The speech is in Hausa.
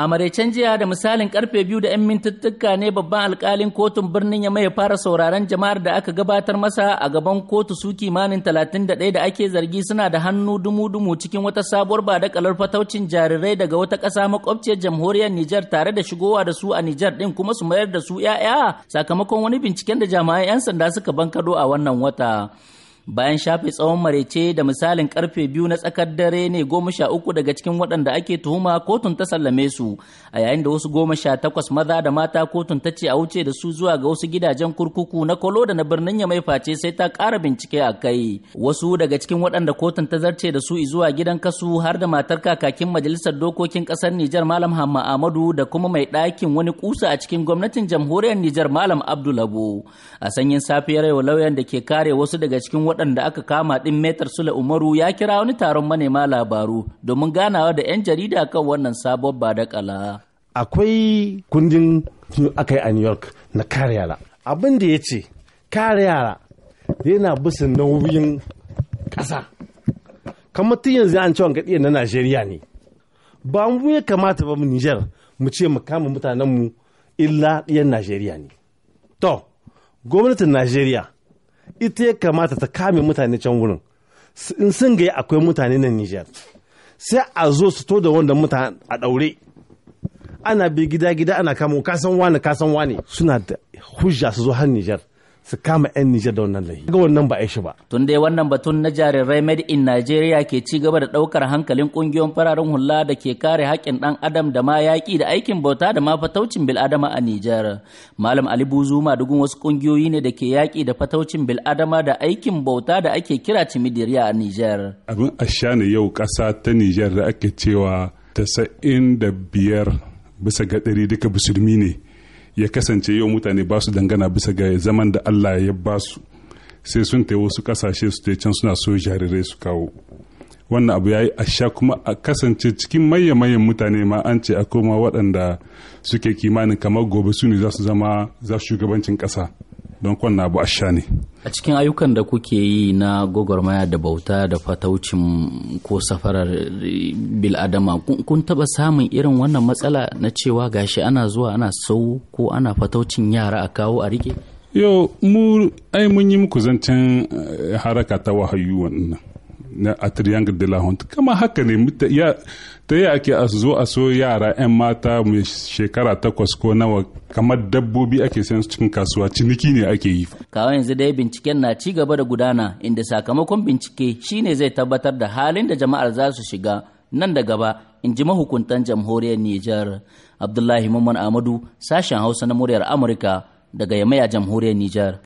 a maraicen jiya da misalin karfe biyu da 'yan mintuttuka ne babban alkalin kotun birnin ya maye fara sauraron jama'ar da aka gabatar masa a gaban kotu su kimanin 31 da ake zargi suna da hannu dumu-dumu cikin wata sabuwar ba badakalar fataucin jarirai daga wata ƙasa makwabciyar jamhuriyar Nijar tare da shigowa da su a Nijar din kuma su mayar da su 'ya'ya sakamakon wani binciken da jami'an 'yan sanda suka bankado a wannan wata. bayan shafe tsawon marece da misalin karfe biyu na tsakar dare ne goma sha uku daga cikin waɗanda ake tuhuma kotun ta sallame su a yayin da wasu goma sha takwas maza da mata kotun ta ce a wuce da su zuwa ga wasu gidajen kurkuku na kolo da na birnin ya mai face sai ta ƙara bincike a kai wasu daga cikin waɗanda kotun ta zarce da su zuwa gidan kasu har da matar kakakin majalisar dokokin ƙasar Nijar Malam Hamma Ahmadu da kuma mai ɗakin wani kusa a cikin gwamnatin jamhuriyar Nijar Malam Abdulabo a sanyin safiyar yau lauyan da ke kare wasu daga cikin waɗanda aka kama ɗin metar sule umaru ya kira wani taron manema labaru domin ganawa da 'yan jarida kan wannan sabon badakala akwai kundin aka yi a new york na kare yara abin da ya ce kare yara yana bisa nauyin ƙasa kamar tun yanzu an cewa gaɗiyar na najeriya ne ba mu ya kamata ba mu nijar mu ce mu kama mutanenmu illa ɗiyan najeriya ne to gwamnatin najeriya ita ya kamata ta kame mutane can wurin in sun ga akwai mutane nan Nijar sai a zo su to da wanda mutane a daure ana bi gida gida ana kamo kasan wani kasan wani suna da hujja su zo har Nijar su kama 'yan Nijar da wannan lahi. Ga wannan ba a shi ba. Tun dai wannan batun na jarirai Made in Nigeria ke ci gaba da ɗaukar hankalin ƙungiyoyin fararen hula da ke kare haƙƙin ɗan adam da ma yaƙi da aikin bauta da ma fataucin bil'adama a Nijar. Malam Ali Buzuma dugun wasu ƙungiyoyi ne da ke yaƙi da fataucin adama da aikin bauta da ake kira cimidiriya a Nijar. Abin asha ne yau ƙasa ta Nijar da ake cewa tasa'in da biyar bisa ga ɗari duka musulmi ne. ya kasance yau mutane ba su dangana bisa ga zaman da Allah ya ba su sai sun ta wasu kasashe su ta can suna so jarirai su kawo wannan abu ya yi asha kuma a kasance cikin maye mayan mutane ma an ce a koma waɗanda suke kimanin kamar gobe su ne za su zama za su shugabancin ƙasa don kwanna abu a ne a cikin ayyukan da kuke yi na gwagwarmaya da bauta da fataucin ko safarar biladama kun taba samun irin wannan matsala na cewa gashi ana zuwa ana sau ko ana fataucin yara a kawo a rike yau mu ai mun yi muku zancen eh, haraka ta wahayu wannan na a triangle de la honte kama haka ne ta yi ake a zo a so yara 'yan mata mai shekara takwas ko nawa kamar dabbobi ake sayan cikin kasuwa ciniki ne ake yi kawai yanzu dai binciken na ci gaba da gudana inda sakamakon bincike shine zai tabbatar da halin da jama'ar za su shiga nan da gaba in ji mahukuntan jamhuriyar Nijar. Abdullahi Mamman Amadu sashen Hausa na muryar Amurka daga Yamaya jamhuriyar Nijar.